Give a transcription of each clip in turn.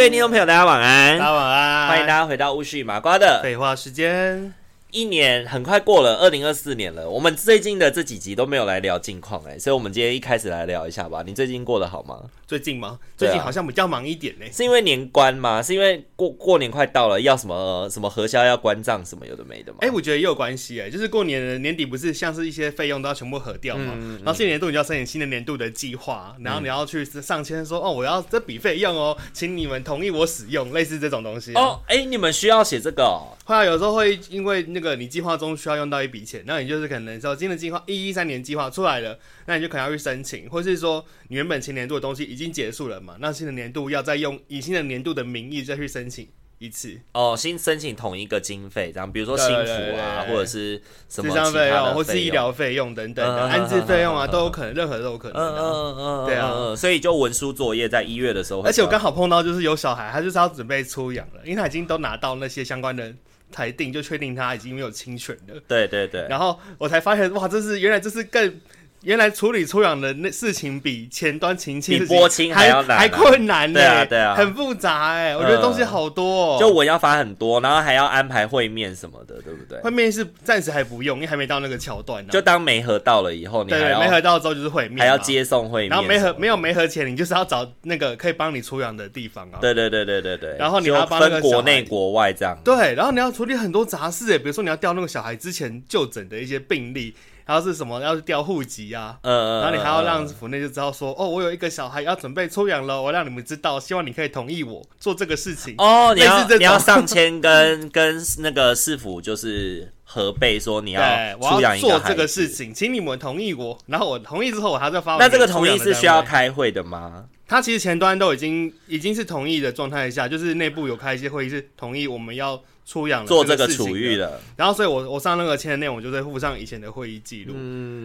各位聽眾朋友，大家晚安！大家晚安！歡迎大家回到《巫師與麻瓜》的廢話時間。一年很快過了，二零二四年了。我們最近的這幾集都沒有來聊近況哎、欸，所以我們今天一開始來聊一下吧。你最近過得好嗎？最近嗎？最近、啊、好像比較忙一點呢、欸，是因為年關嘛，是因為過過年快到了，要什麼、呃、什麼核銷、要關賬什麼有的沒的嘛。哎、欸，我覺得也有關係哎、欸，就是過年年底不是像是一些費用都要全部核掉嘛、嗯嗯，然後新年度你就要申請新的年度的計劃，然後你要去上簽說哦，我要這筆費用哦，請你們同意我使用，類似這種東西哦。哎、欸，你們需要寫這個、哦，後來、啊、有時候會因為那個個你計劃中需要用到一筆錢，那你就是可能說，新的計劃一一三年計劃出來了，那你就可能要去申請，或是說你原本前年度的東西已經結束了嘛，那新的年度要再用以新的年度的名義再去申請一次。哦，新申請同一個經費這樣，比如說幸福啊，或者是什麼？醫療費用等等的安置費用啊，都有可能，任何都有可能的。嗯嗯嗯，對啊。所以就文書作業在一月的時候，而且我剛好碰到就是有小孩，他就是要準備出養了，因為他已經都拿到那些相關的。裁定就確定他已經沒有侵權了，對對對，然後我才發現，哇，這是原來這是更。原來處理出養的那事情比前端情前比波情還播清還，要難、啊、還困難的。對啊對啊，很複雜哎、呃，我覺得東西好多、哦，就我要發很多，然後還要安排會面什麼的，對不對？會面是暫時還不用，因為還沒到那個橋段、啊。就當媒合到了以後，你還要媒合到之後就是會面，還要接送會面，然後媒合沒有媒合前，你就是要找那個可以幫你出養的地方啊。對對對對對對，然後你要分國內國外這樣。對，然後你要處理很多雜事哎，比如說你要調那個小孩之前就診的一些病歷。然後是什麼？要去調戶籍呀。啊？嗯、呃、嗯。然後你還要讓府內就知道說、呃，哦，我有一個小孩要準備出養了，我讓你們知道，希望你可以同意我做這個事情。哦，這你要你要上簽跟 跟那個市府就是核備，說你要出養一個孩子。做這個事情，請你們同意我。然後我同意之後，我還要發。那這個同意是需要開會的嗎？他其實前端都已經已經是同意的狀態下，就是內部有開一些會議是同意我們要。出養了，做這個儲育的。然後所以我我上那個簽的內容，我就會附上以前的會議記錄，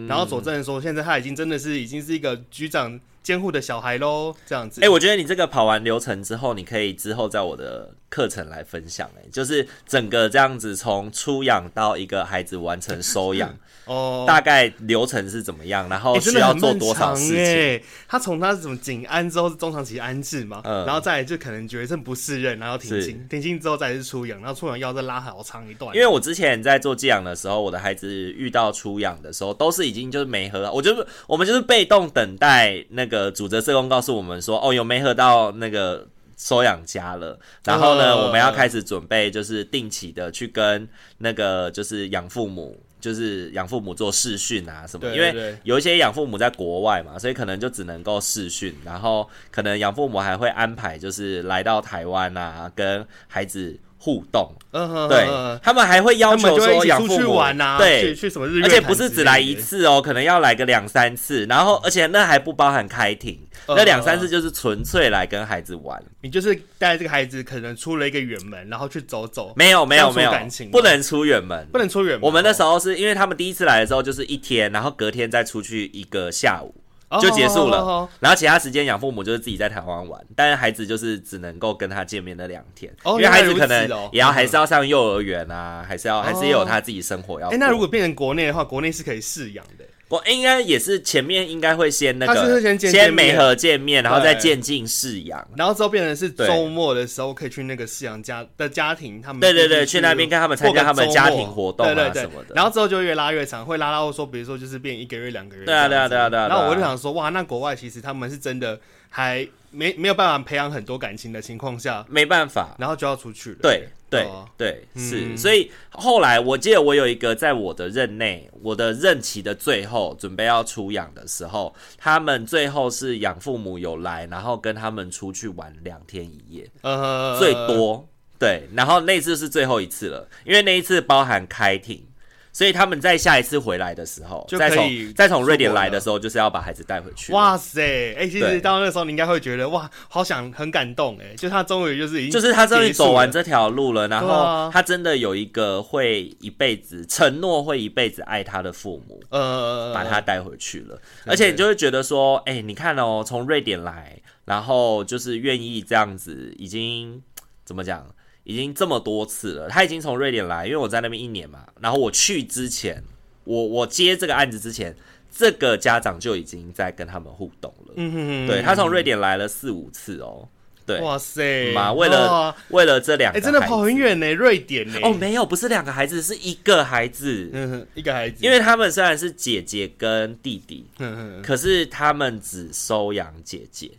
然後佐證說現在他已經真的是已經是一個局長監護的小孩嘍，這樣子。哎，我覺得你這個跑完流程之後，你可以之後在我的課程來分享，哎，就是整個這樣子從出養到一個孩子完成收養。 哦、oh，大概流程是怎麼樣？然後、欸欸、需要做多少時間？他從他什麼緊安之後是中長期安置嘛？嗯，然後再來就可能覺得這不適任，然後停經，停經之後再是出養，然後出養要再拉好長一段。因為我之前在做寄養的時候，我的孩子遇到出養的時候，都是已經就是媒合，我就是我們就是被動等待那個主責社工告訴我們說，哦，有媒合到那個。收養家了，然後呢、哦，我們要開始準備，就是定期的去跟那個就是養父母，就是養父母做視訊啊什麼對對對。因為有一些養父母在國外嘛，所以可能就只能夠視訊，然後可能養父母還會安排就是來到台灣啊，跟孩子，互動，嗯、對、嗯，他們還會要求說要一起出去玩啊，對去，去什麼日，而且不是只來一次哦、嗯，可能要來個兩三次，然後而且那還不包含開庭、嗯，那兩三次就是純粹來跟孩子玩、嗯，你就是帶這個孩子可能出了一個遠門，然後去走走，沒有沒有沒有，不能出遠門，不能出遠門，我們那時候是因為他們第一次來的時候就是一天，然後隔天再出去一個下午。Oh, 就結束了，oh, oh, oh, oh, oh. 然後其他時間養父母就是自己在台灣玩，但是孩子就是只能夠跟他見面那兩天，oh, 因為孩子可能也要,、哦也要,嗯、還,是要還是要上幼兒園啊、嗯，還是要還是要有他自己生活要。哎、欸，那如果變成國內的話，國內是可以試養的。我應該也是，前面應該會先那個，先媒合見面，然後再漸進寄養，然後之後變成是周末的時候可以去那個寄養家的家庭，他們對對對，去那邊跟他們參加他們的家庭活動啊什麼的，對對對。然後之後就越拉越長，會拉到說，比如說就是變一個月兩個月對啊，對啊對啊對啊對啊，對啊，然後我就想說，哇，那國外其實他們是真的還沒沒有辦法培養很多感情的情況下，沒辦法，然後就要出去了，對。對對、嗯、是，所以後來我記得我有一個在我的任內，我的任期的最後準備要出養的時候，他們最後是養父母有來，然後跟他們出去玩兩天一夜，嗯、最多對，然後那次是最後一次了，因為那一次包含開庭。所以他們在下一次回來的時候，就可以再從瑞典來的時候，就是要把孩子帶回去。哇塞！誒、欸、其實到那時候你應該會覺得哇，好想，很感動誒，就他終於就是已經就是他終於走完這條路了，然後他真的有一個會一輩子承諾會一輩子愛他的父母，呃、啊，把他帶回去了，呃。而且你就會覺得說，誒、欸、你看哦，從瑞典來，然後就是願意這樣子，已經怎麼講？已經這麼多次了，他已經從瑞典來，因為我在那邊一年嘛。然後我去之前，我我接這個案子之前，這個家長就已經在跟他們互動了。嗯哼哼，對，他從瑞典來了四五次哦。對，哇塞，媽、嗯，為了、哦啊、為了這兩個孩子、欸，真的跑很遠呢，瑞典呢？哦，沒有，不是兩個孩子，是一個孩子，嗯哼，一個孩子，因為他們雖然是姐姐跟弟弟，嗯、可是他們只收養姐姐。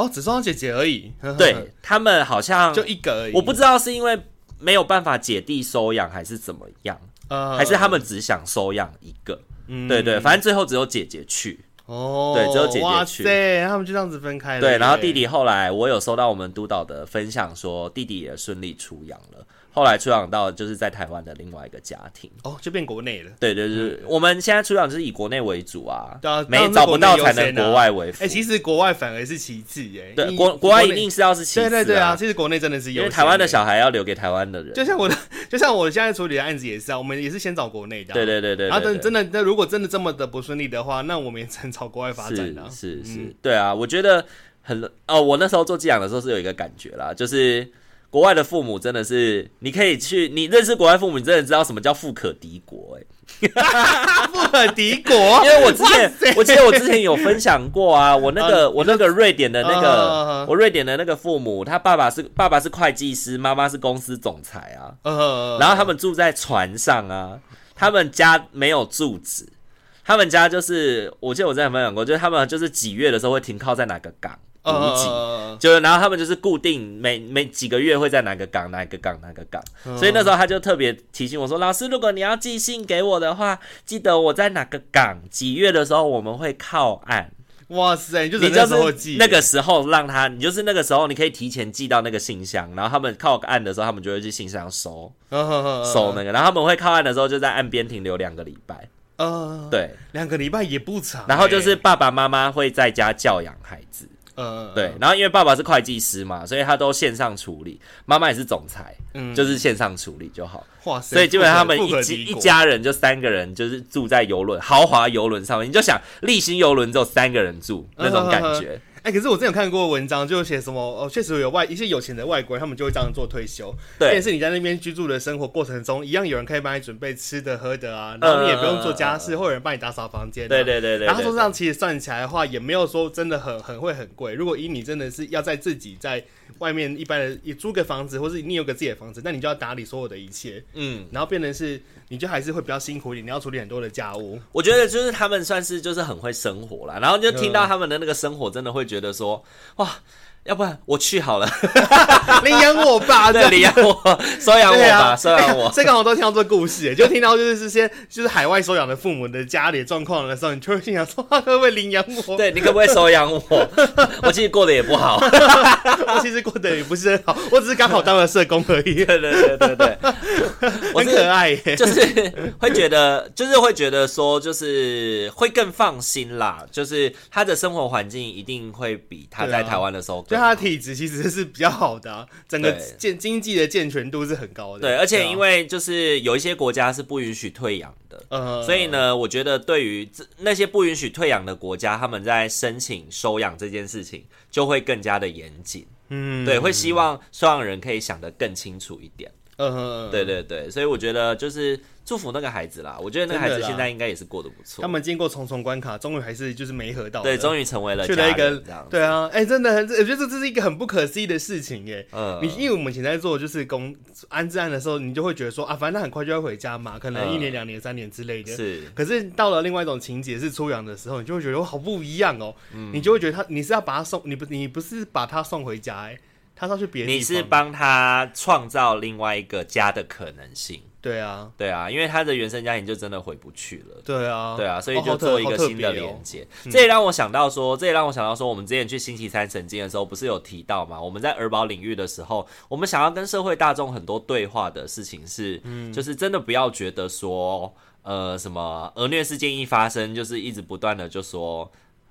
哦，只收到姐姐而已。呵呵，對他們好像就一個而已，我不知道是因為沒有辦法姐弟收養還是怎麼樣，呃，還是他們只想收養一個，嗯。對對，反正最後只有姐姐去。哦，對，只有姐姐去。對他們就這樣子分開了。對，然後弟弟後來，我有收到我們督導的分享，說弟弟也順利出養了。後來出場到就是在台灣的另外一個家庭哦，就變國內了。對對對、嗯，我們現在出場就是以國內為主啊，對啊剛剛，沒找不到才能國外為輔。哎、欸，其實國外反而是其次耶，對，國國外一定是要是其次。對對對啊，其實國內真的是有台灣的小孩要留給台灣的人，就像我的，就像我現在處理的案子也是啊，我們也是先找國內的，對對對對，對，對，對，啊，然後真的那如果真的這麼的不順利的話，那我們也曾找國外發展的、啊。是是，是、嗯，對啊，我覺得很哦，我那時候做寄養的時候是有一個感覺啦，就是。國外的父母真的是，你可以去，你認識國外父母，你真的知道什麼叫富可敵國欸，哈富可敵國。因為我之前，我記得我之前有分享過啊，我那個我那個瑞典的那個我瑞典的那個父母，他爸爸是爸爸是會計師，媽媽是公司總裁啊，然後他們住在船上啊，他們家沒有住址，他們家就是我記得我之前分享過，就是他們就是幾月的時候會停靠在哪個港。嗯、uh.，補給，就然後他們就是固定每每幾個月會在哪個港哪個港哪個港，個港 uh. 所以那時候他就特別提醒我說：“老師，如果你要寄信給我的話，記得我在哪個港幾月的時候我們會靠岸。”哇塞，你就是那個時候讓他，你就是那個時候你可以提前寄到那個信箱，然後他們靠岸的時候，他們就會去信箱收、uh. 收那個。然後他們會靠岸的時候就在岸邊停留兩個禮拜。呃、uh.，對，兩個禮拜也不長、欸。然後就是爸爸媽媽會在家教養孩子。 對，然後因為爸爸是會計師嘛，所以他都線上處理。媽媽也是總裁、嗯，就是線上處理就好。哇塞！所以基本上他們一一家人就三個人，就是住在遊輪豪華遊輪上面，你就想麗星遊輪只有三個人住、啊、哈哈那種感覺。啊哈哈。哎、欸，可是我之前有看過的文章，就寫什麼，哦，確實有外一些有錢的外國人，他們就會這樣做退休。對，也是你在那邊居住的生活過程中，一樣有人可以幫你準備吃的喝的啊，然後你也不用做家事，呃、或有人幫你打掃房間、啊。對對對對，對對對對，然後說這樣其實算起來的話，也沒有說真的很很會很貴。如果以你真的是要在自己在。外面一般人，你租個房子，或是你有個自己的房子，那你就要打理所有的一切。嗯，然後變成是，你就還是會比較辛苦一點，你要處理很多的家務。我覺得就是他們算是就是很會生活啦，然後就聽到他們的那個生活，真的會覺得說，嗯、哇。要不然我去好了 領，領養我，我吧，領養我，收養我吧，收養我。這個我都聽到這個故事，就聽到就是這些就是海外收養的父母的家裡狀況的時候，你就會心想說：他會不會領養我？對，你可不可以收養我。 我其實過得也不好 我其實過得也不是很好，我只是剛好當了社工而已。 對對對，對,對我是很可愛耶，就是會覺得，就是會覺得說，就是會更放心啦。就是他的生活環境一定會比他在台灣的時候更。對啊。他體質其實是比較好的、啊，整個健經濟的健全度是很高的。對，而且因為就是有一些國家是不允許退養的，嗯、所以呢，我覺得對於那些不允許退養的國家，他們在申請收養這件事情就會更加的嚴謹，嗯，對，會希望收養人可以想得更清楚一點，嗯，對對對，所以我覺得就是。祝福那個孩子啦，我覺得那個孩子現在應該也是過得不錯。他們經過重重關卡，終於還是就是媒合到，對，終於成為了。覺了一個對啊，哎、欸，真的，我覺得這是一個很不可思議的事情，耶。嗯、呃，你因為我們以前在做就是工安置案的時候，你就會覺得說啊，反正他很快就要回家嘛，可能一年、呃、兩年、三年之類的。是，可是到了另外一種情節是出養的時候，你就會覺得我好不一樣哦，嗯，你就會覺得他你是要把他送你不你不是把他送回家，哎，他要去別，人。你是幫他創造另外一個家的可能性。對啊，對啊，因為他的原生家庭就真的回不去了。對啊，對啊，對啊，所以就做一個新的連接，哦哦嗯。這也讓我想到說，這也讓我想到說，我們之前去星期三神經的時候，不是有提到嘛？我們在兒保領域的時候，我們想要跟社會大眾很多對話的事情是，嗯、就是真的不要覺得說，呃，什麼兒虐事件一發生，就是一直不斷的就說。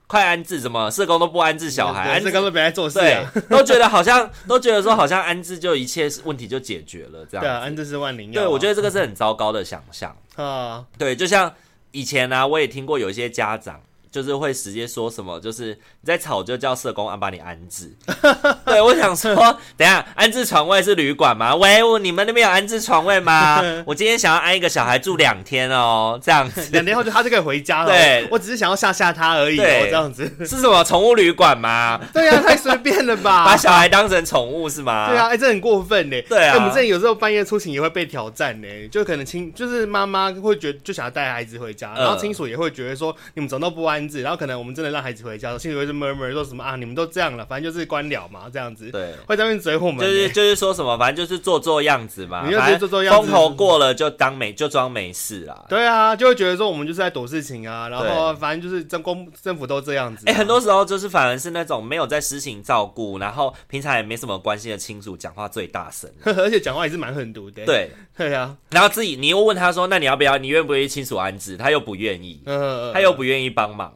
快安置？怎麼社工都不安置小孩？Yeah, 安置社工都沒在做事，啊 對，都覺得好像都覺得說好像安置就一切問題就解決了這樣。對，安置是萬靈藥。對，我覺得這個是很糟糕的想象啊、嗯。對，就像以前呢，啊，我也聽過有一些家長。就是會直接說什麼，就是你在吵就叫社工安把你安置。 對，我想說，等一下安置床位是旅館嗎？喂，你們那邊有安置床位嗎？ 我今天想要安一個小孩住兩天哦，這樣子，兩天後就他就可以回家了。對，我只是想要嚇嚇他而已、哦，這樣子是什麼寵物旅館嗎？對呀、啊，太隨便了吧， 把小孩當成寵物是嗎？對啊，哎、欸，這很過分呢。對啊，欸、我們這有時候半夜出勤也會被挑戰呢，就可能親就是媽媽會覺得就想要帶孩子回家，呃、然後親屬也會覺得說你們怎麼都不安。然後可能我們真的讓孩子回家，心裡會是 murmur 說什麼啊？你們都這樣了，反正就是官僚嘛，這樣子。對，會當面嘴罵我們，就是就是說什麼，反正就是做做樣子嘛。你又就是做做樣子，風頭過了就當沒就裝沒事了。對啊，就會覺得說我們就是在躲事情啊，然後反正就是政公政府都這樣子。哎，很多時候就是反而是那種沒有在私情照顧，然後平常也沒什麼關心的親屬，講話最大聲， 而且講話也是蠻狠毒的、欸。對，對啊。然後自己你又問他說，那你要不要？你願不願意親屬安置？他又不願意，他又不願意幫忙。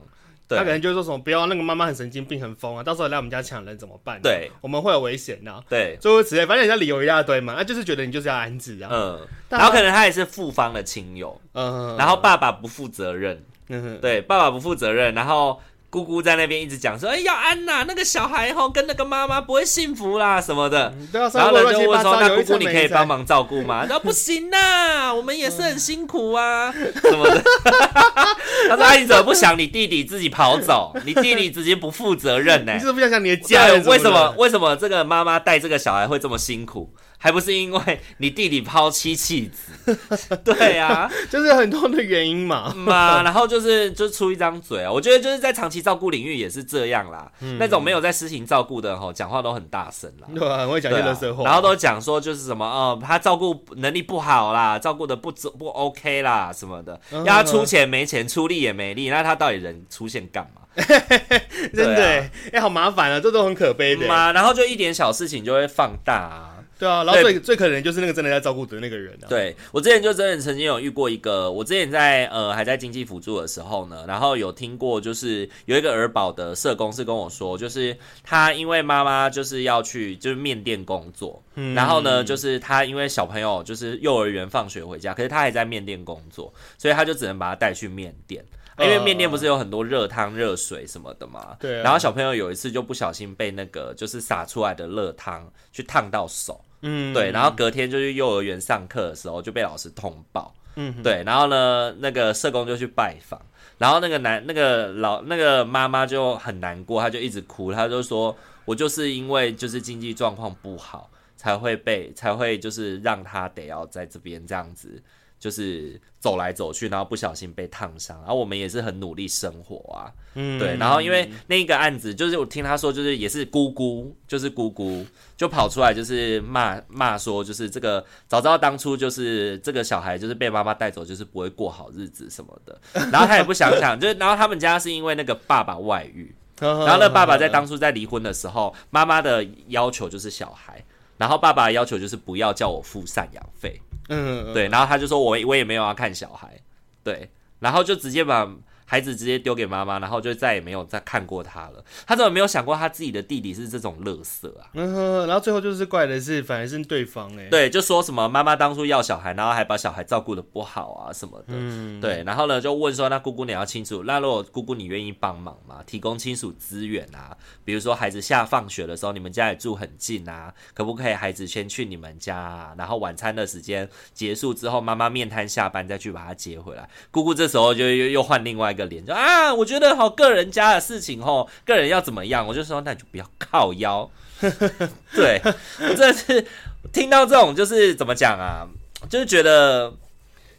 他可能就是說什麼，不要那個媽媽很神經病很瘋啊，到時候來我們家搶人怎麼辦？對，我們會有危險的、啊。對，諸如此類，反正人家理由一大堆嘛，那、啊、就是覺得你就是要安置啊。嗯，然後可能他也是父方的親友。嗯嗯。然後爸爸不負責任。嗯哼。對，爸爸不負責任，然後。姑姑在那邊一直講說：“哎、欸，要安娜、啊、那個小孩哦，跟那個媽媽不會幸福啦什麼的。”然後人家就問說：“那姑姑，你可以幫忙照顧嗎？”他說：“不行吶， 我們也是很辛苦啊。 ”什麼的？ 他說、 啊：“你怎麼不想你弟弟自己跑走？你弟弟直接不負責任呢、欸？” 你怎麼不想想你的家？對，為什麼？為什麼這個媽媽帶這個小孩會這麼辛苦？還不是因為你弟弟拋妻棄子，對啊， 就是很多的原因嘛 嘛。然後就是就出一張嘴啊，我覺得就是在長期照顧領域也是這樣啦、嗯。那種沒有在私情照顧的吼，講話都很大聲啦，對、啊，很會講一些生活、啊。然後都講說就是什麼哦、呃，他照顧能力不好啦，照顧的不不 OK 啦什麼的，要他出錢沒錢，出力也沒力，那他到底人出現幹嘛嘿嘿嘿，真的哎、啊欸，好麻煩了、啊，這都很可悲的嘛。然後就一點小事情就會放大。啊。對啊，然後最最可能就是那個真的在照顧的那個人，啊。對，我之前就真的曾經有遇過一個，我之前在呃還在經濟輔助的時候呢，然後有聽過就是有一個兒保的社工是跟我說，就是他因為媽媽就是要去就是麵店工作，嗯，然後呢，就是他因為小朋友就是幼兒園放學回家，可是他還在麵店工作，所以他就只能把他帶去麵店。因為面店不是有很多熱湯、熱、uh, 水什麼的嘛，對、啊。然後小朋友有一次就不小心被那個就是灑出來的熱湯去燙到手，嗯，對。然後隔天就去幼兒園上課的時候就被老師通報，嗯，對。然後呢，那個社工就去拜訪，然後那個男、那個老、那個媽媽就很難過，她就一直哭，她就說：“我就是因為就是經濟狀況不好，才會被才會就是讓他得要在這邊這樣子。”就是走來走去，然後不小心被燙傷。然後我們也是很努力生活啊，嗯、對。然後因為那個案子，就是我聽他說，就是也是姑姑，就是姑姑就跑出來，就是罵罵說，就是這個早知道當初就是這個小孩就是被媽媽帶走，就是不會過好日子什麼的。然後他也不想想， 就是然後他們家是因為那個爸爸外遇， 然後那個爸爸在當初在離婚的時候，媽 媽的要求就是小孩，然後爸爸的要求就是不要叫我付贍養費。嗯，嗯，嗯嗯、對，然後他就說：“我我也沒有要看小孩，對，然後就直接把。”孩子直接丟給媽媽，然後就再也沒有再看過他了。他怎麼沒有想過他自己的弟弟是這種垃圾啊？嗯，然後最後就是怪的是反而是對方哎、欸，對，就說什麼媽媽當初要小孩，然後還把小孩照顧得不好啊什麼的。嗯，對，然後呢就問說，那姑姑你要清楚，那如果姑姑你願意幫忙嘛，提供親屬資源啊，比如說孩子下放學的時候，你們家也住很近啊，可不可以孩子先去你們家啊？然後晚餐的時間結束之後，媽媽麵攤下班再去把他接回來。姑姑這時候就又又換另外一個。臉就啊，我覺得好個人家的事情吼，個人要怎麼樣，我就說，那你就不要靠腰。 對，真的是聽到這種，就是怎麼講啊，就是覺得。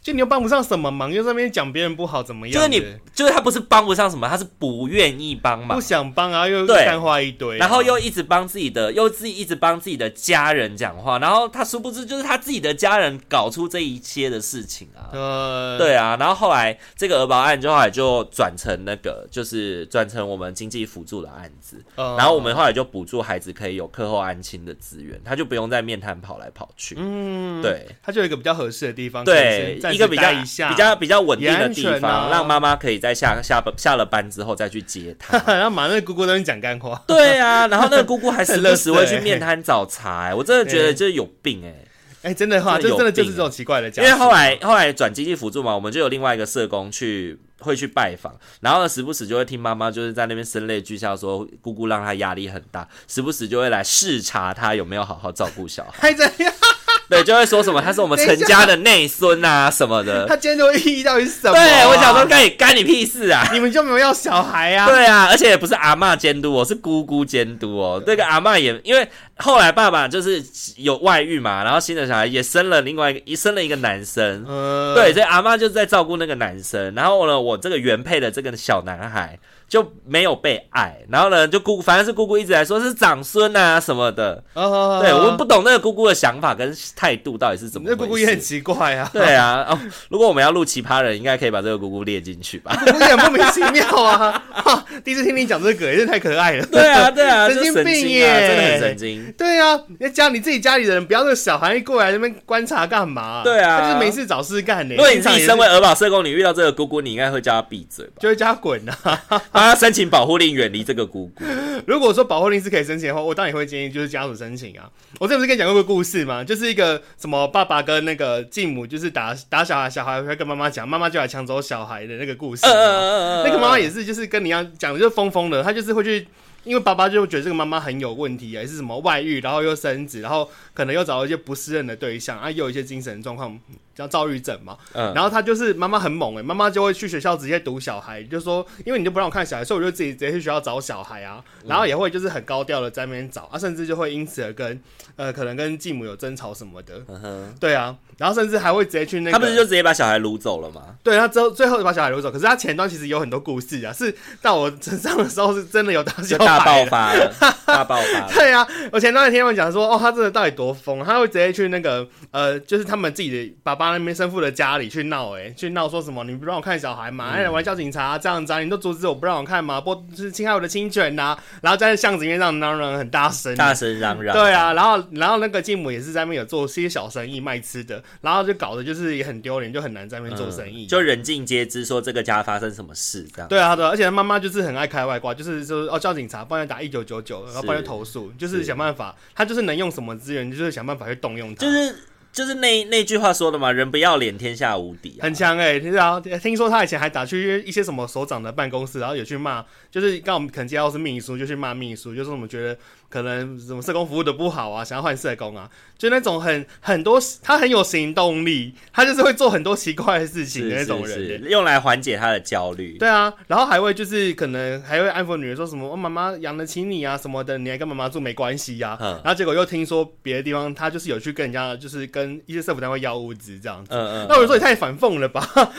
就你又幫不上什麼忙，又在那邊講別人不好，怎麼樣？就是你，就是他不是幫不上什麼，他是不願意幫嘛，不想幫，啊，然後又三話一堆，啊，然後又一直幫自己的，又自己一直幫自己的家人講話，然後他殊不知就是他自己的家人搞出這一切的事情啊，嗯，對啊，然後後來這個兒保案就後來就轉成那個，就是轉成我們經濟輔助的案子，嗯，然後我們後來就補助孩子可以有課後安親的資源，他就不用在面攤跑來跑去，嗯，對，他就有一個比較合適的地方對。一個比較一下比較比較穩定的地方，啊、讓媽媽可以在下下下了班之後再去接他。然後馬上那姑姑在那邊講幹話。 對啊，然後那個姑姑還時不時會去面攤找茬、欸 欸。我真的覺得就是有病哎、欸，哎、欸欸，真的話，這真的就是這種奇怪的。因為後來後來轉經濟輔助嘛，我們就有另外一個社工去會去拜訪，然後呢時不時就會聽媽媽就是在那邊聲淚俱下說，姑姑讓她壓力很大，時不時就會來視察她有沒有好好照顧小孩還怎樣。 對，就會說什麼他是我們陳家的內孫啊什麼的。他監督的意義到底是什麼、啊？對，我想說，干你干你屁事啊！你們就沒有要小孩啊？ 對啊，而且也不是阿媽監督，我是姑姑監督哦、嗯。這個阿媽也因為後來爸爸就是有外遇嘛，然後新的小孩也生了另外一個，生了一個男生。嗯、對，所以阿媽就是在照顧那個男生，然後呢，我這個原配的這個小男孩。就沒有被愛，然後呢，就姑，反正是姑姑一直來說是長孫啊什麼的，oh, oh, oh, oh, oh. 對我們不懂那個姑姑的想法跟態度到底是怎麼，那姑姑也很奇怪啊。對啊，哦、如果我們要錄奇葩人，應該可以把這個姑姑列進去吧？有點也莫名其妙啊, 啊！第一次聽你講這個，也是太可愛了。對啊，對啊，啊，神經病耶，真的很神經。對啊，你家你自己家裡的人不要那個小孩一過來那邊觀察幹嘛？啊？對啊，他就是沒事找事幹，因為你自己身為兒保社工，你遇到這個姑姑，你應該會叫他閉嘴吧？就會叫他滾啊！啊！申請保護令，遠離這個姑姑。 如果說保護令是可以申請的話，我當然也會建議就是家屬申請啊。我這不是跟你講過一個故事嗎？就是一個什麼爸爸跟那個繼母，就是打打小孩，小孩會跟媽媽講，媽媽就來搶走小孩的那個故事，啊呃呃呃呃呃呃呃。那個媽媽也是，就是跟你一樣講，就是瘋瘋的，她就是會去，因為爸爸就覺得這個媽媽很有問題啊，是什麼外遇，然後又生子，然後可能又找到一些不適任的對象啊，又有一些精神狀況。叫躁鬱症嘛、嗯，然後他就是媽媽很猛哎，媽媽就會去學校直接堵小孩，就說因為你就不讓我看小孩，所以我就自己直接去學校找小孩啊，然後也會就是很高調的在那邊找，嗯、啊甚至就會因此而跟呃可能跟繼母有爭吵什麼的、嗯，對啊，然後甚至還會直接去那個，他不是就直接把小孩擄走了嗎，對、啊，之後最後就把小孩擄走，可是他前段其實有很多故事啊，是到我身上的時候是真的有當時就大爆發，大爆發，爆發 對啊，我前段聽他們講說哦，他真的到底多瘋，他會直接去那個呃，就是他們自己的爸爸。他那邊生父的家裡去鬧，哎，去鬧說什麼？你不讓我看小孩嘛？哎、嗯，還、欸、叫警察、啊、這樣子啊？你都阻止我不讓我看嘛？不，就是侵害我的侵權吶、啊！然後在巷子邊上嚷嚷很大聲，大聲嚷嚷，對啊。然後，然後那個繼母也是在那邊有做些小生意賣吃的，然後就搞得就是也很丟臉，就很難在那邊做生意，嗯、就人盡皆知說這個家發生什麼事這樣。對啊，對，而且他媽媽就是很愛開外掛，就是說哦叫警察幫他打一九九九，然後幫他投訴，就是想辦法，他就是能用什麼資源就是想辦法去動用他，就是。就是那那句話說的嘛，人不要臉，天下無敵、啊，很強哎、欸啊。聽說他以前還打去一些什麼首長的辦公室，然後也去罵，就是剛，剛我們可能接到是秘書，就去罵秘書，就是我們覺得。可能什麼社工服務的不好啊，想要換社工啊，就那種很很多，他很有行動力，他就是會做很多奇怪的事情的那種人，是是是，用來緩解他的焦慮。對啊，然後還會就是可能還會安撫女兒，說什麼我媽媽養得起你啊什麼的，你來跟媽媽住沒關係呀、啊嗯。然後結果又聽說別的地方，他就是有去跟人家，就是跟一些社服單位要物資這樣子。嗯嗯，嗯，那我就說你太反諷了吧。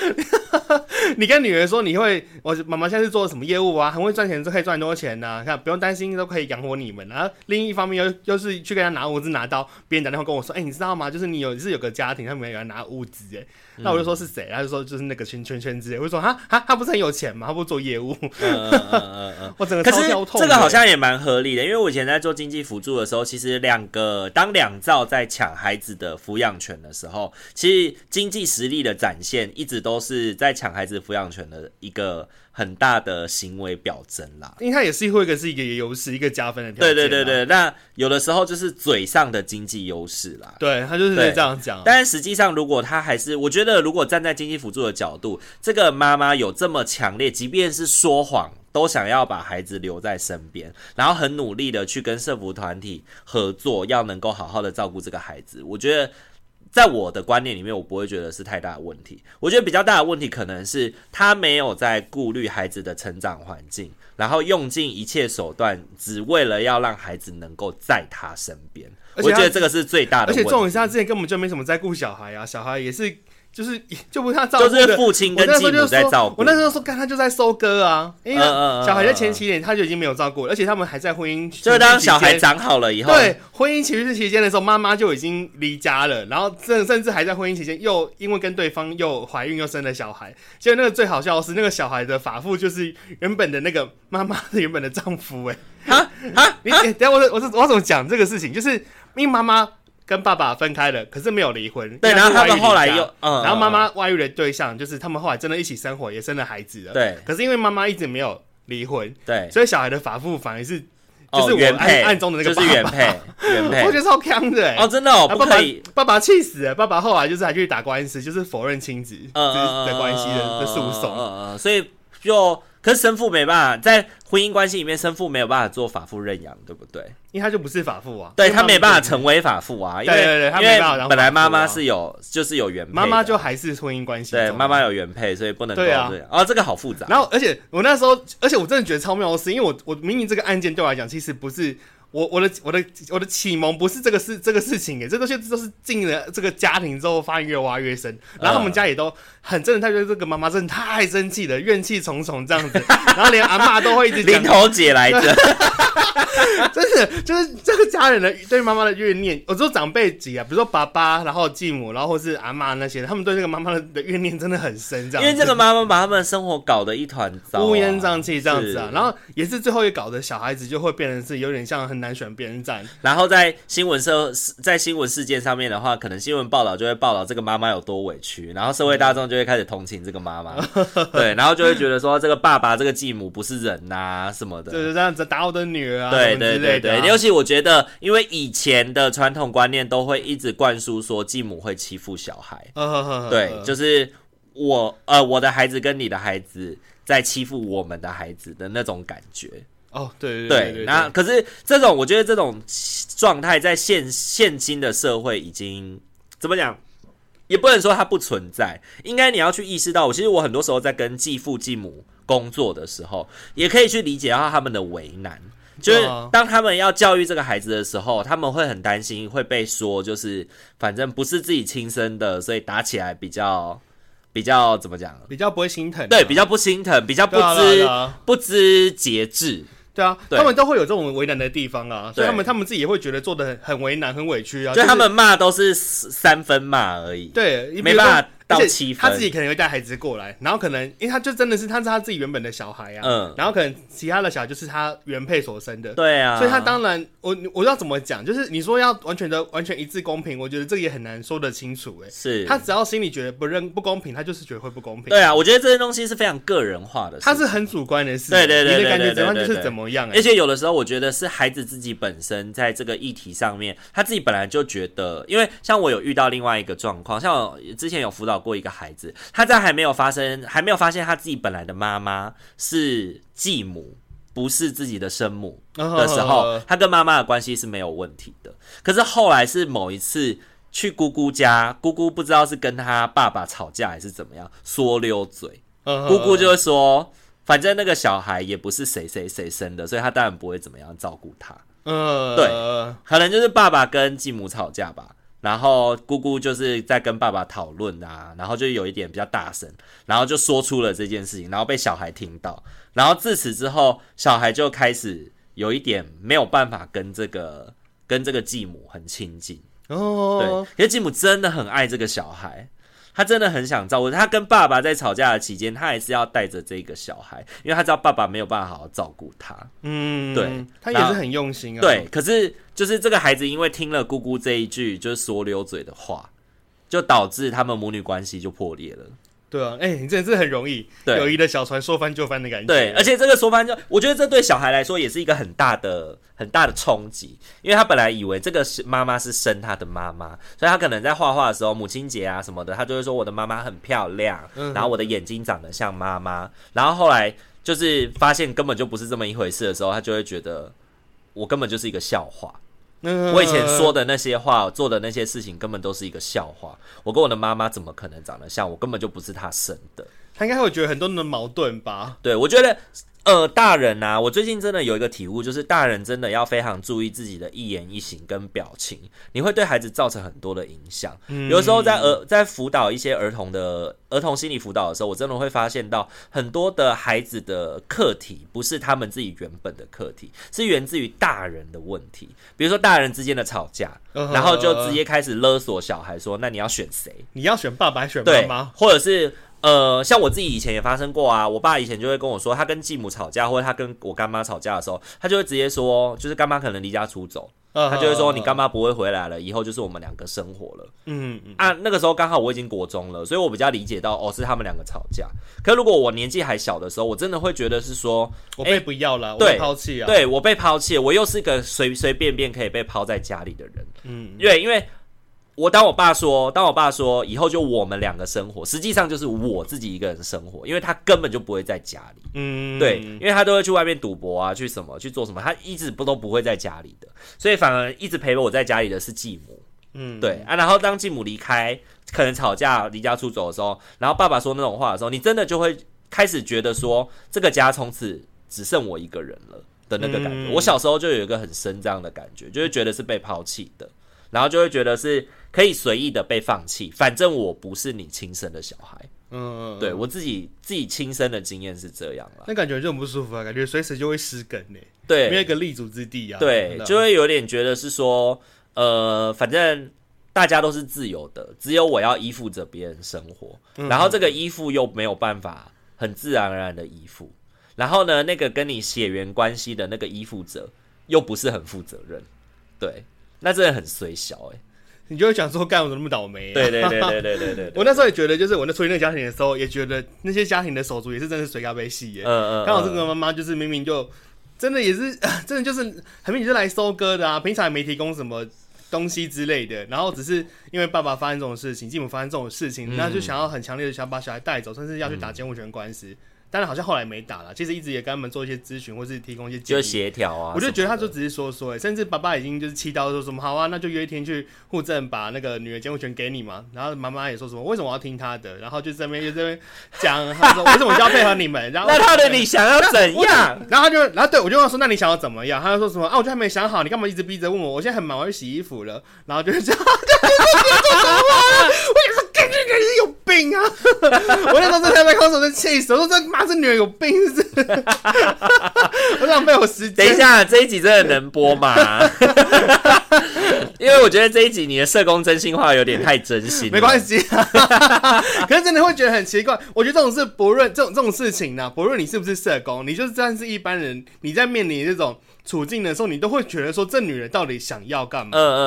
你跟女兒說你會，我媽媽現在是做什麼業務啊？很會賺錢，就可以賺很多錢呢，啊。看不用擔心，都可以養活你們啊。然後另一方面又又是去跟他拿物資拿刀，別人打電話跟我說，哎，欸，你知道嗎？就是你有是有個家庭，他們有人拿物資誒那我就說是誰？嗯，他就說就是那個圈圈圈之類。我就說哈哈，他不是很有錢嗎？他不是做業務， 我整個超跳痛。可是這個好像也蠻合理的，因為我以前在做經濟輔助的時候，其實兩個當兩造在搶孩子的撫養權的時候，其實經濟實力的展現一直都是在搶孩子撫養權的一個。很大的行為表徵啦，因為它也是會一個是一個優勢，一個加分的條件。對對對對，那有的時候就是嘴上的經濟優勢啦。對，他就是這樣講，但實際上，如果他還是，我覺得如果站在經濟輔助的角度，這個媽媽有這麼強烈，即便是說謊，都想要把孩子留在身邊，然後很努力的去跟社福團體合作，要能夠好好的照顧這個孩子，我覺得。在我的觀念裡面，我不會覺得是太大的問題。我覺得比較大的問題可能是他沒有在顧慮孩子的成長環境，然後用盡一切手段，只為了要讓孩子能夠在他身邊。我覺得這個是最大的問題。而且重點是他之前根本就沒什麼在顧小孩啊，小孩也是。就是就不他照顧，就是父親跟妻子在照顧。我那時候說，看他就在收割啊，因為小孩在前七年他就已經沒有照顧，而且他們還在婚姻就當小孩長好了以後，對，婚姻其實期間的時候，媽媽就已經離家了，然後甚甚至還在婚姻期間，又因為跟對方又懷孕又生了小孩。結果那個最好笑的是，那個小孩的法父就是原本的那個媽媽原本的丈夫、欸，哎，啊啊，啊，你、欸、等一下我我我，我怎麼講這個事情？就是因為媽媽。跟爸爸分開了，可是沒有離婚。對，然後他們後來又，嗯、然後媽媽外遇的對象就是他們後來真的一起生活，也生了孩子了。對，可是因為媽媽一直沒有離婚，對，所以小孩的法父反而是就是我、哦、原配，暗中的那個爸爸就是原配，原配我覺得超坑的。哦，真的、哦，他爸爸爸爸氣死了，爸爸後來就是還去打官司，就是否認親子、嗯就是、的關係的訴訟、嗯，所以就。可是生父沒辦法在婚姻關係裡面，生父沒有辦法做法父認養，對不對？因為他就不是法父啊，對，他沒辦法成為法父啊，因為對對對，他沒辦法法父啊，因為本來媽媽是有就是有原配媽媽就還是婚姻關係，對，媽媽有原配，所以不能對啊對，哦，這個好複雜。然後而且我那時候，而且我真的覺得超妙的是，因為我我明明這個案件對我來講其實不是。我我的我的我的啟蒙不是這個事、這個、這個事情哎，這個就都是進了這個家庭之後，發現越挖越深。然後他們家也都很,、呃、很真的，他覺得這個媽媽真的太生氣了，怨氣重重這樣子。 然後連阿嬤都會一直零頭姐來着 真的就是這個家人的對媽媽的怨念。我說長輩級啊，比如說爸爸，然後繼母，然後或是阿嬤那些，他們對這個媽媽的怨念真的很深，這樣。因為這個媽媽把他們的生活搞得一團糟、啊，烏煙瘴氣這樣子啊。然後也是最後也搞得小孩子就會變成是有點像很難。難選邊站。然後在新聞社，在新聞事件上面的話，可能新聞報道就會報道這個媽媽有多委屈，然後社會大眾就會開始同情這個媽媽，嗯、對，然後就會覺得說這個爸爸 這個繼母不是人吶、啊、什麼的，就是這樣子打我的女兒啊，的啊，對對對對。尤其我覺得，因為以前的傳統觀念都會一直灌輸說繼母會欺負小孩，嗯、對，就是我呃我的孩子跟你的孩子在欺負我們的孩子的那種感覺。哦、oh，對對對，對，對，那可是這種，我覺得這種狀態在現現今的社會已經怎麼講，也不能說它不存在。應該你要去意識到我，我其實我很多時候在跟繼父繼母工作的時候，也可以去理解到他們的為難，就是當他們要教育這個孩子的時候，他們會很擔心會被說，就是反正不是自己親生的，所以打起來比較比較怎麼講，比較不會心疼啊，對，比較不心疼，比較不知，啊啊，不知節制。對啊，對，他們都會有這種為難的地方啊，所以他們他們自己也會覺得做的很很為難，很委屈啊。所以他們罵都是三分罵而已，對、就是，沒罵到七分，而且他自己可能會帶孩子過來，然後可能因為他就真的是他是他自己原本的小孩呀、啊，嗯，然後可能其他的小孩就是他原配所生的，對啊，所以他當然我我要怎麼講，就是你說要完全的完全一致公平，我覺得這也很難說得清楚哎、欸，是他只要心裡覺得不認不公平，他就是覺得會不公平，對啊，我覺得這些東西是非常個人化的，他是很主觀的事，對對對對對，對，你的感覺怎樣就是怎麼樣、欸，對對對對而且有的時候我覺得是孩子自己本身在這個議題上面，他自己本來就覺得，因為像我有遇到另外一個狀況，像我之前有輔導。過一個孩子，他在還沒有發生、還沒有發現他自己本來的媽媽是繼母，不是自己的生母的時候，他跟媽媽的關係是沒有問題的。可是後來是某一次去姑姑家，姑姑不知道是跟他爸爸吵架還是怎麼樣，說溜嘴。姑姑就會說，反正那個小孩也不是誰誰誰生的，所以他當然不會怎麼樣照顧他。嗯，對，可能就是爸爸跟繼母吵架吧。然後姑姑就是在跟爸爸討論啊，然後就有一點比較大聲，然後就說出了這件事情，然後被小孩聽到，然後自此之後，小孩就開始有一點沒有辦法跟這個跟這個繼母很親近哦。Oh. 對，因為繼母真的很愛這個小孩，他真的很想照顧他。跟爸爸在吵架的期間，他還是要帶着這個小孩，因為他知道爸爸沒有辦法好好照顧他。嗯，對，他也是很用心啊。對，可是。就是這個孩子，因為聽了姑姑這一句就是說溜嘴的話，就導致他們母女關係就破裂了。對啊，誒、欸，你這這很容易，友誼的小船說翻就翻的感覺。對，而且這個說翻就，我覺得這對小孩來說也是一個很大的很大的衝擊，因為他本來以為這個是媽媽是生他的媽媽，所以他可能在畫畫的時候，母親節啊什麼的，他就會說我的媽媽很漂亮、嗯，然後我的眼睛長得像媽媽，然後後來就是發現根本就不是這麼一回事的時候，他就會覺得我根本就是一個笑話。 我以前說的那些話，做的那些事情，根本都是一個笑話。我跟我的媽媽怎麼可能長得像？我根本就不是她生的。她應該會覺得很多人的矛盾吧？對，我覺得。呃，大人吶、啊，我最近真的有一個體悟，就是大人真的要非常注意自己的一言一行跟表情，你會對孩子造成很多的影響。嗯，有時候在兒在輔導一些兒童的兒童心理輔導的時候，我真的會發現到很多的孩子的課題不是他們自己原本的課題，是源自於大人的問題。比如說大人之間的吵架、呃，然後就直接開始勒索小孩說：“那你要選誰？你要選爸爸還選媽媽，或者是？”呃，像我自己以前也發生過啊，我爸以前就會跟我說，他跟繼母吵架，或者他跟我乾媽吵架的時候，他就會直接說，就是乾媽可能離家出走、啊，他就會說，啊、你乾媽不會回來了、啊，以後就是我們兩個生活了。嗯嗯啊，那個時候剛好我已經國中了，所以我比較理解到，哦，是他們兩個吵架。可是如果我年紀還小的時候，我真的會覺得是說我被不要了，欸、我被拋棄了，對，我被拋棄，我又是一個隨隨便便可以被拋在家裡的人。嗯，對，因為。我當我爸說，當我爸說以後就我們兩個生活，實際上就是我自己一個人生活，因為他根本就不會在家裡，嗯，對，因為他都會去外面賭博啊，去什麼去做什麼，他一直不都不會在家裡的，所以反而一直陪着我在家裡的是繼母，嗯，對啊，然後當繼母離開，可能吵架、離家出走的時候，然後爸爸說那種話的時候，你真的就會開始覺得說這個家從此只剩我一個人了的那個感覺，嗯。我小時候就有一個很深這樣的感覺，就是覺得是被拋棄的。然後就會覺得是可以隨意的被放棄，反正我不是你親生的小孩，嗯，對我自己自己親身的經驗是這樣了，那感覺就很不舒服啊，感覺隨時就會失根呢，對，沒有一個立足之地啊，對、嗯，就會有點覺得是說，呃，反正大家都是自由的，只有我要依附着別人生活，嗯、然後這個依附又沒有辦法很自然而然的依附，然後呢，那個跟你血緣關係的那個依附者又不是很負責任，對。.那真的很衰小哎，欸，你就會想說，幹我怎麼那麼倒霉，啊？對對對對對對，對，對，對，對，對我那時候也覺得，就是我出那出身那家庭的時候，也覺得那些家庭的手足也是真的是水缸被戲耶。嗯嗯，嗯。剛好這個媽媽就是明明就真的也是真的就是，很明顯是來收割的啊！平常也沒提供什麼東西之類的，然後只是因為爸爸發生這種事情，繼母發生這種事情，嗯、那就想要很強烈的想把小孩帶走，甚至要去打監護權官司。嗯但是好像後來沒打了，其實一直也跟他們做一些諮詢，或是提供一些就協調啊。我就覺得他就只是說說，哎，甚至爸爸已經就是氣到說什麼，好啊，那就約一天去戶政，把那個女兒監護權給你嘛。然後媽媽也說什麼，為什麼我要聽他的？然後就這邊就這邊講， 他說我為什麼就要配合你們？ 然後我、 哎、那他的你想要怎樣？然後，就然後他就然後對我就問說，那你想要怎麼樣？他就說什麼啊，我就還沒想好，你幹嘛一直逼着問我？我現在很忙，我去洗衣服了。然後就是這樣，別做 病啊！我那時候在台麥克風都在氣死，我說這媽這女人有病，是不是？ 我浪費我時間。等一下、啊，這一集真的能播嗎？ 因為我覺得這一集你的社工真心話有點太真心，沒關係、啊。可是真的會覺得很奇怪。我覺得這種事不論這種這種事情呢、啊，不論你是不是社工，你就算是一般人，你在面臨這種。處境的時候，你都會覺得說這女人到底想要幹嘛？呃呃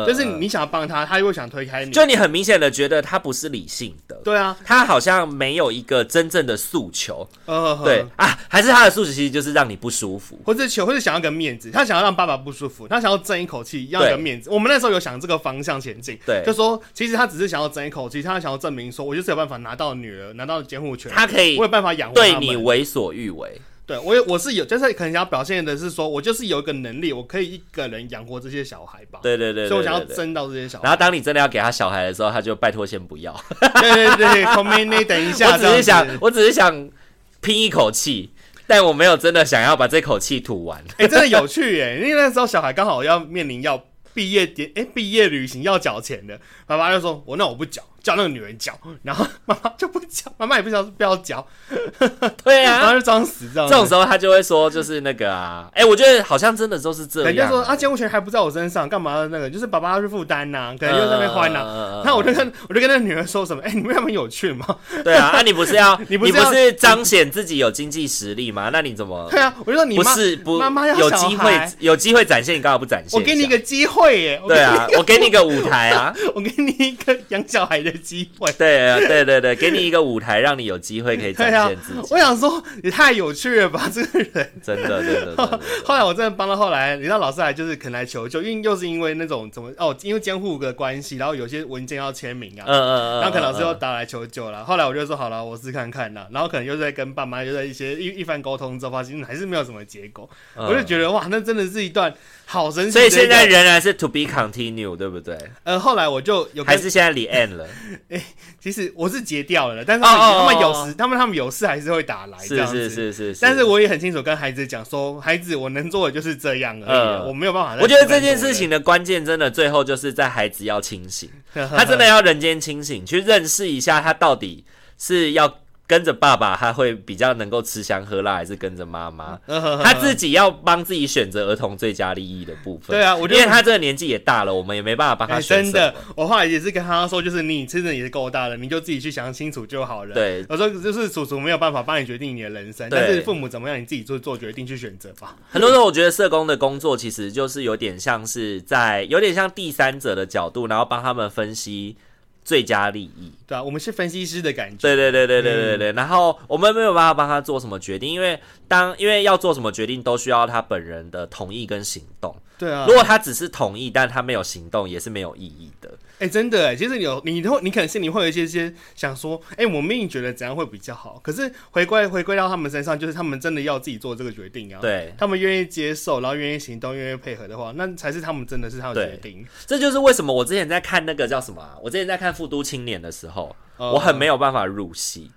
呃呃，就是你想要幫她，她又會想推開你，就你很明顯的覺得她不是理性的。對啊，她好像沒有一個真正的訴求。嗯、呃，對啊，還是她的訴求其實就是讓你不舒服，或者求或者想要個面子。她想要讓爸爸不舒服，她想要爭一口氣，要一個面子。我們那時候有想這個方向前進，對，就說其實他只是想要爭一口氣，他想要證明說我就是有辦法拿到女兒，拿到監護權，他可以我有辦法養活，對你為所欲為。對，我有我是有，就是可能想要表現的是說，我就是有一個能力，我可以一個人養活這些小孩吧。對對對，對，所以我想要爭到這些小孩對對對對對。然後當你真的要給他小孩的時候，他就拜託先不要。 對對對 Commander 等一下我。我只是想，我只是想拼一口氣，但我沒有真的想要把這口氣吐完。哎、 欸，真的有趣耶，因為那時候小孩剛好要面臨要畢業點，哎，畢業旅行要繳錢的，爸爸就說：“我那我不繳。”叫那個女人教，然後媽媽就不教，媽媽也不教，不要教，對啊， 然後就裝死這這種時候他就會說，就是那個啊，哎、 欸，我覺得好像真的都是這樣，人家說啊監護權還不在我身上，幹嘛的那個，就是爸爸是負擔吶，可能又在那邊歡吶、啊。那、呃、我就跟我就跟那個女兒說什麼，哎、欸，你們那麼有、有趣嗎？對啊，那、啊、你不是要，你不是，要你不是彰顯自己有經濟實力嗎？那你怎麼？對啊，我就說你不是不媽媽要有機會有機會展現，你剛好不展現，我給你一個機會耶！對啊， 我給你一個舞台啊， 我給你一個養小孩的。機會，對啊，對對對，給你一個舞台，讓你有機會可以展現自己、 啊。我想說，你太有趣了吧，這個人！真的，對對，對對後來我真的幫到後來，你知道老師來就是肯來求救，因為又是因為那種怎麼哦，因為監護的關係，然後有些文件要簽名啊，嗯嗯嗯，然後肯老師又打來求救了、啊。嗯嗯，後來我就說好了，我試，試看看啦、啊。然後可能又在跟爸媽又在一些一一番溝通之後，發現還是沒有什麼結果。嗯、我就覺得哇，那真的是一段。好神奇！所以現在仍然是 to be continue，對不對？呃，後來我就有還是現在離 end 了。誒、 欸，其實我是截掉了，但是他們有時、oh, oh, oh, oh. 他們他們有事還是會打來，是是是是，是。但是我也很清楚跟孩子講說，孩子，我能做的就是這樣而已，呃、我沒有辦法。我覺得這件事情的關鍵真的最後就是在孩子要清醒， 他真的要人間清醒，去認識一下他到底是要。跟着爸爸他會比較能夠吃香喝辣，還是跟着媽媽？他自己要幫自己選擇兒童最佳利益的部分。對啊，我覺得，因為他這個年紀也大了，我們也沒辦法幫他選擇、欸。真的，我後來也是跟他說，就是你真的也是夠大了，你就自己去想清楚就好了。對，我說就是叔叔沒有辦法幫你決定你的人生對，但是父母怎麼樣，你自己做做決定去選擇吧。很多時候，我覺得社工的工作其實就是有點像是在有點像第三者的角度，然後幫他們分析。最佳利益，對啊，我們是分析師的感覺，對對對對對對對。嗯、然後我們沒有辦法幫他做什麼決定，因為當因為要做什麼決定，都需要他本人的同意跟行動。對啊，如果他只是同意，但他沒有行動，也是沒有意義的。哎、欸，真的哎，其實你有你，會你可能心裡會有一些些想說，哎、欸，我們覺得怎樣會比較好。可是回歸回歸到他們身上，就是他們真的要自己做這個決定啊。對，他們願意接受，然後願意行動，願意配合的話，那才是他們真的是他的決定。這就是為什麼我之前在看那個叫什麼、啊？我之前在看《富都青年》的時候、呃，我很沒有辦法入戲。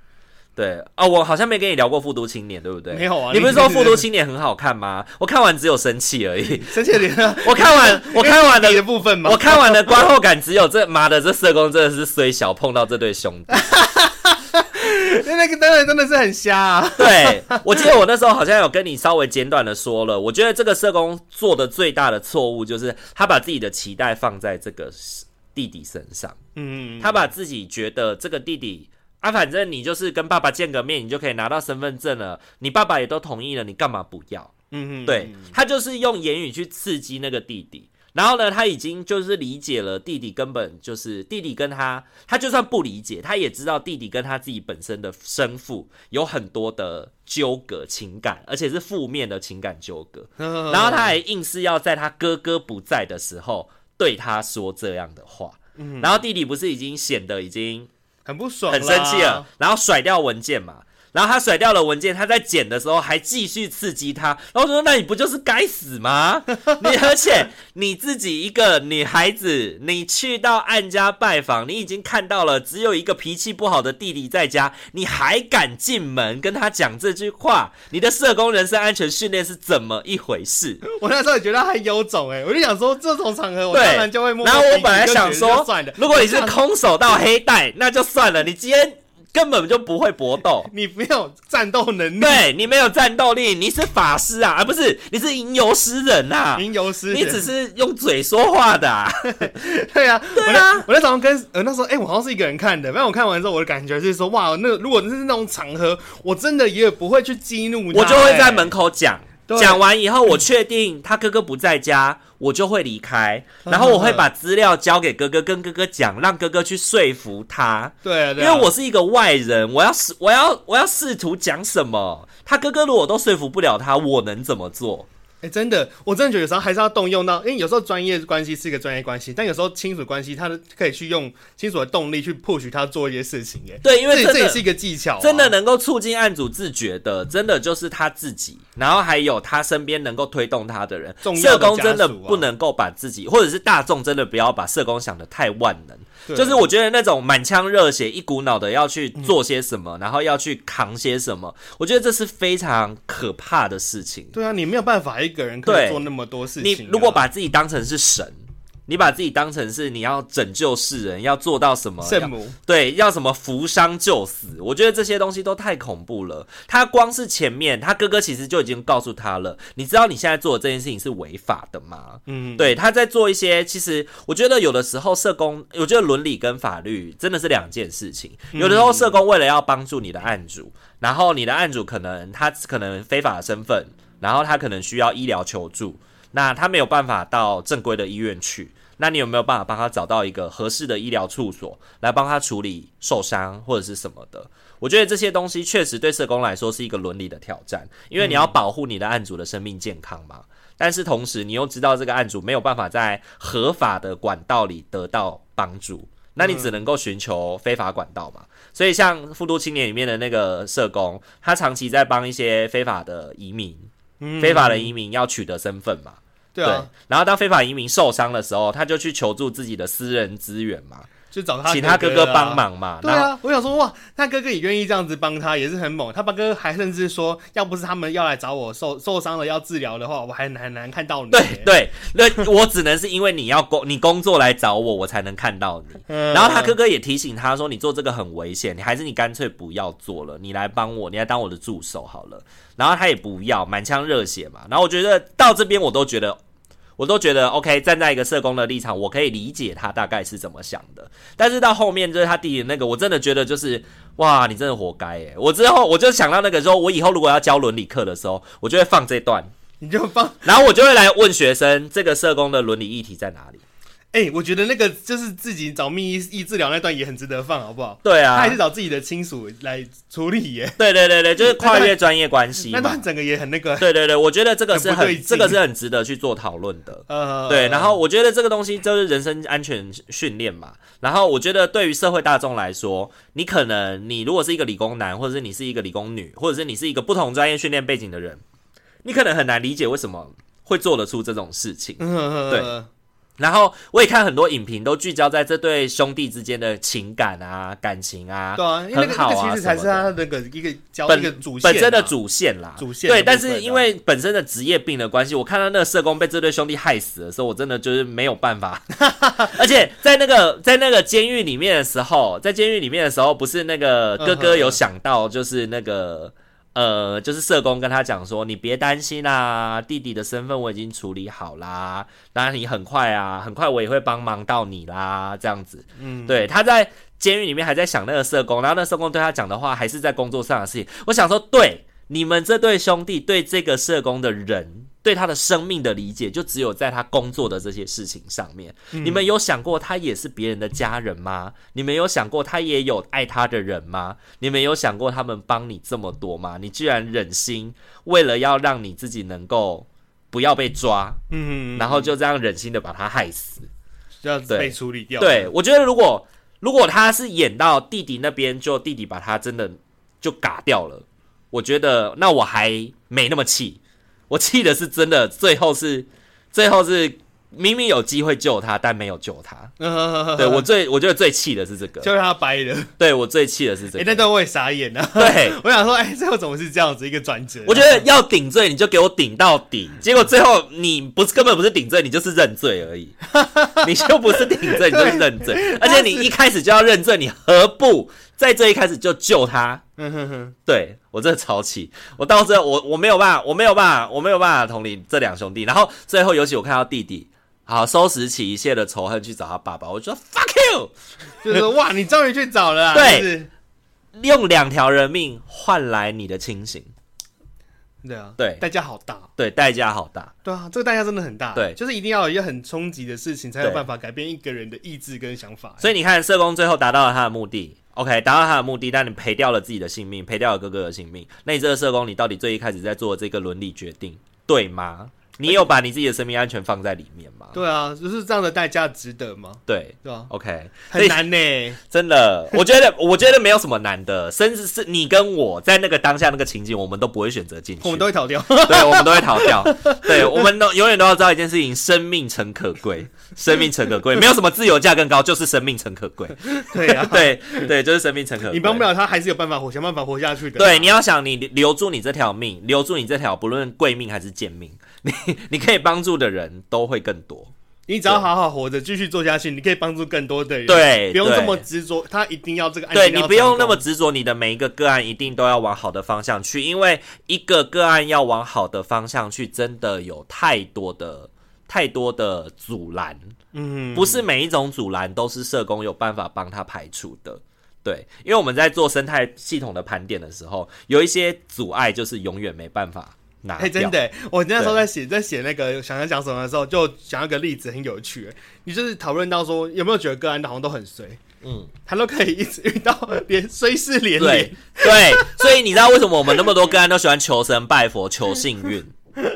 對啊、哦，我好像沒跟你聊過富都青年，對不對？沒有啊。你不是說富都青年很好看嗎？我看完只有生氣而已。生氣點啊！ 我看完，我看完弟弟的部分嘛。我看完的觀後感只有這媽的，這社工真的是衰小碰到這對兄弟。 那個當然真的是很瞎、啊。 對，我記得我那時候好像有跟你稍微簡短的說了，我覺得這個社工做的最大的錯誤就是他把自己的期待放在這個弟弟身上。嗯嗯，嗯。他把自己覺得這個弟弟。啊，反正你就是跟爸爸見個面，你就可以拿到身份證了。你爸爸也都同意了，你干嘛不要？嗯嗯，對他就是用言語去刺激那個弟弟。然後呢，他已經就是理解了弟弟，根本就是弟弟跟他，他就算不理解，他也知道弟弟跟他自己本身的生父有很多的糾葛情感，而且是負面的情感糾葛。呵呵呵。然後他還硬是要在他哥哥不在的時候對他說這樣的話。嗯，然後弟弟不是已經顯得已經。很不爽，很生氣了，然後甩掉文件嘛。然後他甩掉了文件，他在撿的時候還繼續刺激他。然後我說：“那你不就是該死嗎？ 你而且你自己一個女孩子，你去到案家拜訪，你已經看到了只有一個脾氣不好的弟弟在家，你還敢進門跟他講這句話？你的社工人身安全訓練是怎麼一回事？”我那時候也覺得他有種哎、欸，我就想說這種場合我當然就會摸。然後我本來想說，如果你是空手道黑帶，那就算了，你今天。根本就不會搏鬥，你沒有戰鬥能力，對你沒有戰鬥力，你是法師啊，而、啊、不是你是吟遊詩人吶、啊，吟遊詩人，你只是用嘴說話的、啊， 對呀、啊，對啊，我在早上跟呃那時候，哎、欸，我好像是一個人看的，反正我看完之後，我的感覺就是說，哇，那如果那是那種場合，我真的也不會去激怒你、欸，我就會在門口講，講完以後，我確定他哥哥不在家。嗯我就會離開，然後我會把資料交給哥哥，跟哥哥講，讓哥哥去說服他。對了對了，因為我是一個外人，我要試，我要我要試圖講什麼？他哥哥如果都說服不了他，我能怎麼做？真的，我真的覺得有時候還是要動用到，因為有時候專業關係是一個專業關係，但有時候親屬關係，他可以去用親屬的動力去 push 他做一些事情耶。對，因為這也是一個技巧啊，真的能夠促進案主自覺的，真的就是他自己，然後還有他身邊能夠推動他的人。的啊、社工真的不能夠把自己，或者是大眾真的不要把社工想得太萬能。就是我覺得那種滿腔熱血、一股腦的要去做些什麼，嗯，然後要去扛些什麼，我覺得這是非常可怕的事情。對啊，你沒有辦法一個人可以，對，做那麼多事情啊。你如果把自己當成是神。你把自己當成是你要拯救世人，要做到什麼？聖母。對，要什麼扶傷救死？我覺得這些東西都太恐怖了。他光是前面，他哥哥其實就已經告訴他了。你知道你現在做的這件事情是違法的嗎？嗯，對。他在做一些，其實我覺得有的時候社工，我覺得倫理跟法律真的是兩件事情。有的時候社工為了要幫助你的案主，嗯，然後你的案主可能他可能非法的身份，然後他可能需要醫療求助，那他沒有辦法到正規的醫院去。那你有沒有辦法幫他找到一個合適的醫療處所來幫他處理受傷或者是什麼的？我覺得這些東西確實對社工來說是一個倫理的挑戰，因為你要保護你的案主的生命健康嘛。嗯、但是同時，你又知道這個案主沒有辦法在合法的管道裡得到幫助，那你只能夠尋求非法管道嘛。嗯、所以，像富都青年裡面的那個社工，他長期在幫一些非法的移民、嗯，非法的移民要取得身份嘛。對、啊、對，然後當非法移民受傷的時候，他就去求助自己的私人資源嘛，去找他哥哥、啊。請他哥哥幫忙嘛。對啊，我想說、嗯、哇，他哥哥也願意這樣子幫他，也是很猛。他把哥哥還甚至說，要不是他們要來找我受受傷了要治療的話，我還很難，難看到你。對對，那 我只能是因為你要工你工作來找我，我才能看到你、嗯。然後他哥哥也提醒他說，你做這個很危險，你還是你乾脆不要做了，你來幫我，你來當我的助手好了。然後他也不要，滿腔熱血嘛。然後我覺得到這邊我都覺得。我都覺得 OK，站在一個社工的立場，我可以理解他大概是怎麼想的。但是到後面就是他弟弟那個，我真的覺得就是哇，你真的活該耶！我之後我就想到那個時候，我以後如果要教倫理課的時候，我就會放這段，你就放，然後我就會來問學生，這個社工的倫理議題在哪裡？哎、欸，我覺得那個就是自己找密醫治療那段也很值得放，好不好？對啊，他還是找自己的親屬來處理耶。對對對對，就是跨越專業關係嘛。那，那整個也很那個。對對對，我覺得這個是很，很這個是很值得去做討論的。呃、uh，對。然後我覺得這個東西就是人身安全訓練嘛。Uh, 然後我覺得對於社會大眾來說，你可能你如果是一個理工男，或者是你是一個理工女，或者是你是一個不同專業訓練背景的人，你可能很難理解為什麼會做得出這種事情。Uh, uh, 對。然後我也看很多影評，都聚焦在這對兄弟之間的情感啊、感情啊，對啊，因為那個好、啊那個、其實才是他那個一個焦主線、本身的主線啦、啊。主線、啊、對，但是因為本身的職業病的關係，我看到那個社工被這對兄弟害死的時候，所以我真的就是沒有辦法。哈哈哈。而且在那個在那個監獄裡面的時候，在監獄裡面的時候，不是那個哥哥有想到，就是那個。呃，就是社工跟他講說，你別擔心啦、啊，弟弟的身份我已經處理好啦，當然你很快啊，很快我也會幫忙到你啦，這樣子，嗯，對，他在監獄裡面還在想那個社工，然後那個社工對他講的話還是在工作上的事情，我想說對。你們這對兄弟對這個社工的人對他的生命的理解，就只有在他工作的這些事情上面。嗯。你們有想過他也是別人的家人嗎？你們有想過他也有愛他的人嗎？你們有想過他們幫你這麼多嗎？你居然忍心為了要讓你自己能夠不要被抓，嗯，嗯，嗯，然後就這樣忍心的把他害死，這樣子被處理掉對，對，我覺得如果如果他是演到弟弟那邊，就弟弟把他真的就嘎掉了。我覺得，那我還沒那麼氣，我氣的是真的，最後是，最後是明明有機會救他，但沒有救他。呵呵呵對我最，我覺得最氣的是這個，就是他白人。對我最氣的是這個，哎、欸，那段我也傻眼了、啊。對，我想說，哎、欸，最後怎麼是這樣子一個轉折、啊？我覺得要頂罪，你就給我頂到底。結果最後，你不是根本不是頂罪，你就是認罪而已。 你就不是頂罪，你就是認罪，而且你一開始就要認罪，你何不？在這一開始就救他，嗯哼哼，對，我真的超氣，我到這我我沒有辦法，我沒有辦法，我沒有辦法同理這兩兄弟。然後最後尤其我看到弟弟，好，收拾起一切的仇恨去找他爸爸，我就說 fuck you，就是哇， 你終於去找了。對，是用兩條人命換來你的清醒。對啊，對，代價好大，對，代價好大，對啊，這個代價真的很大。對，就是一定要有一個很衝擊的事情才有辦法改變一個人的意志跟想法。所以你看，社工最後達到了他的目的。OK，達到他的目的，但你賠掉了自己的性命，賠掉了哥哥的性命。那你這個社工，你到底最一開始在做的這個倫理決定，對嗎？你有把你自己的生命安全放在裡面嗎？對啊，就是這樣的代價值得嗎？對，對啊，OK，很難呢、欸，真的。我覺得， 我覺得沒有什麼難的，甚至是你跟我在那個當下那個情景，我們都不會選擇進去，我們都會逃掉。對，我們都會逃掉。 對，我們都 永遠都要知道一件事情，生命誠可貴，生命誠可貴，沒有什麼自由價更高，就是生命誠可貴。 對啊， 對，對，就是生命誠可貴。 你幫不了他，還是有辦法活，想辦法活下去的。對，你要想你留留住你這條命，留住你這條不論貴命還是賤命，你。 你可以幫助的人都會更多。你只要好好活着，繼續做下去，你可以幫助更多的人。對，不用這麼執着，他一定要這個案對。對你不用那麼執着，你的每一個個案一定都要往好的方向去，因為一個個案要往好的方向去，真的有太多的太多的阻攔。嗯，不是每一種阻攔都是社工有辦法幫他排除的。對，因為我們在做生態系統的盤點的時候，有一些阻礙就是永遠沒辦法。哎，欸、真的、欸！我那時候在寫，在寫那個想要講什麼的時候，就講一個例子，很有趣、欸。你就是討論到說，有沒有覺得個案的好像都很衰？嗯，他都可以一直遇到連衰事連連。對，對， 所以你知道為什麼我們那麼多個案都喜歡求神 拜佛求幸運？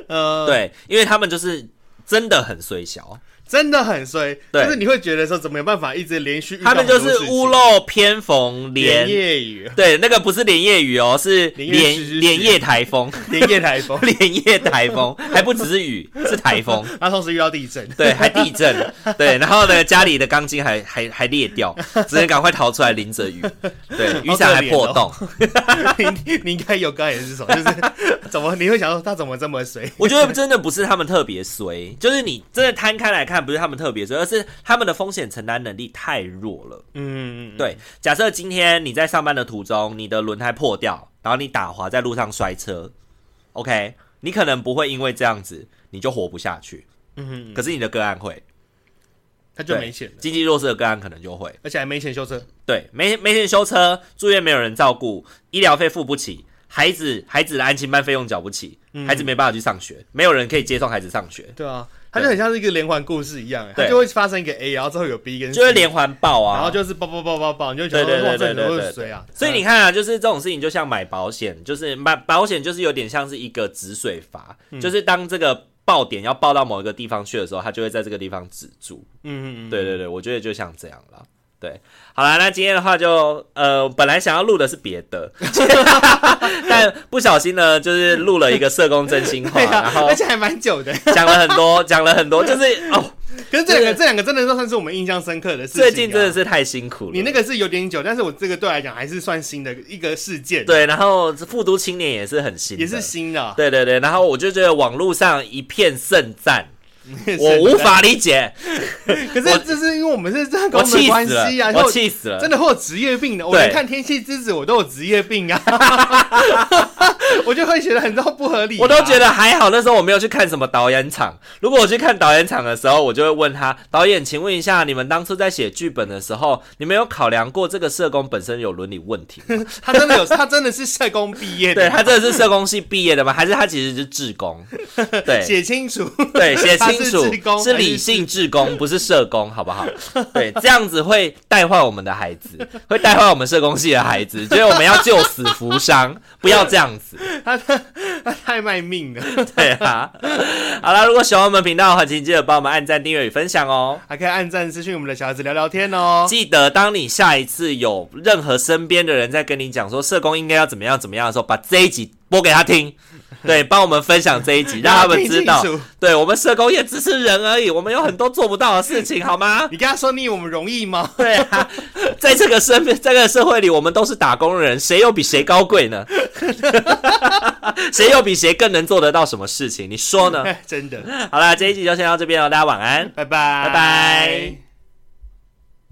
呃，對，因為他們就是真的很衰小。真的很衰，對，就是你會覺得說怎麼有辦法一直連續？他們就是屋漏偏逢連,連夜雨。對，那個不是連夜雨哦，是連連夜台風、連夜台風、 連夜台風， 還不只是雨，是台風。那 同時遇到地震，對，還地震， 對。然後呢，家裡的鋼筋還還還裂掉，只能趕快逃出來淋着雨。 對，雨傘還破洞。哦、 你你應該有剛也是什麼？就是怎麼你會想說他怎麼這麼衰？ 我覺得真的不是他們特別衰，就是你真的攤開來看。不是他們特別衰，而是他們的風險承擔能力太弱了。嗯，對。假設今天你在上班的途中，你的輪胎破掉，然後你打滑在路上摔車、嗯、，OK，你可能不會因為這樣子你就活不下去。嗯，可是你的個案會，他就沒錢。經濟弱勢的個案可能就會，而且還沒錢修車。對，沒沒錢修車，住院沒有人照顧，醫療費付不起，孩子孩子的安親班費用繳不起、嗯，孩子沒辦法去上學，沒有人可以接送孩子上學。嗯、對啊。它就很像是一個連環故事一樣、欸，它就會發生一個 A，然後之後有 B 跟，就會連環爆啊，然後就是爆爆爆爆爆，你就覺得哇，真的是水啊？所以你看啊，就是這種事情就像買保險，就是買保險就是有點像是一個止水閥、嗯，就是當這個爆點要爆到某一個地方去的時候，它就會在這個地方止住。嗯嗯嗯，對對對，我覺得就像這樣了。對，好了，那今天的話就呃，本來想要錄的是別的， 但不小心呢，就是錄了一個社工真心話，啊、然後而且還蠻久的， 講了很多，講了很多，就是哦，可是這兩個、就是、這兩個真的都算是我們印象深刻的事情、啊。事最近真的是太辛苦了。你那個是有點久，但是我這個對來講還是算新的一個事件。對，然後富都青年也是很新的，也是新的、啊。對對對，然後我就覺得網絡上一片盛贊。我無法理解， 可是這是因為我們是社工的關係啊！我氣死，死了，真的，我有職業病的。我連看《天氣之子》，我都有職業病啊！ 我就會覺得很不合理、啊。我都覺得還好，那時候我沒有去看什麼導演場。如果我去看導演場的時候，我就會問他：“導演，請問一下，你們當初在寫劇本的時候，你們有考量過這個社工本身有倫理問題？” 他真的有，他真的是社工畢業的？ 對，他真的是社工系畢業的嗎？ 還是他其實是志工？對，寫 寫清楚。 對，寫清楚。是理性志工，不是社工，好不好？對，這樣子會帶壞我們的孩子，會帶壞我們社工系的孩子。所以我們要救死扶傷，不要這樣子。他太他太賣命了，對啊。好了，如果喜歡我們頻道的話，請記得幫我們按讚、訂閱與分享哦。還可以按讚私訊我們的小孩子聊聊天哦。記得，當你下一次有任何身邊的人在跟你講說社工應該要怎麼樣、怎麼樣的時候，把這一集播給他聽。 對，幫我們分享這一集，讓他們知道。 對我們社工也只是人而已，我們有很多做不到的事情，好嗎？ 你跟他說你以為我們容易嗎？ 對啊，在這個生這個社會裡，我們都是打工人，誰又比誰高貴呢？誰 又比誰更能做得到什麼事情？你說呢？ 真的。好了，這一集就先到這邊了，大家晚安，拜拜，拜拜。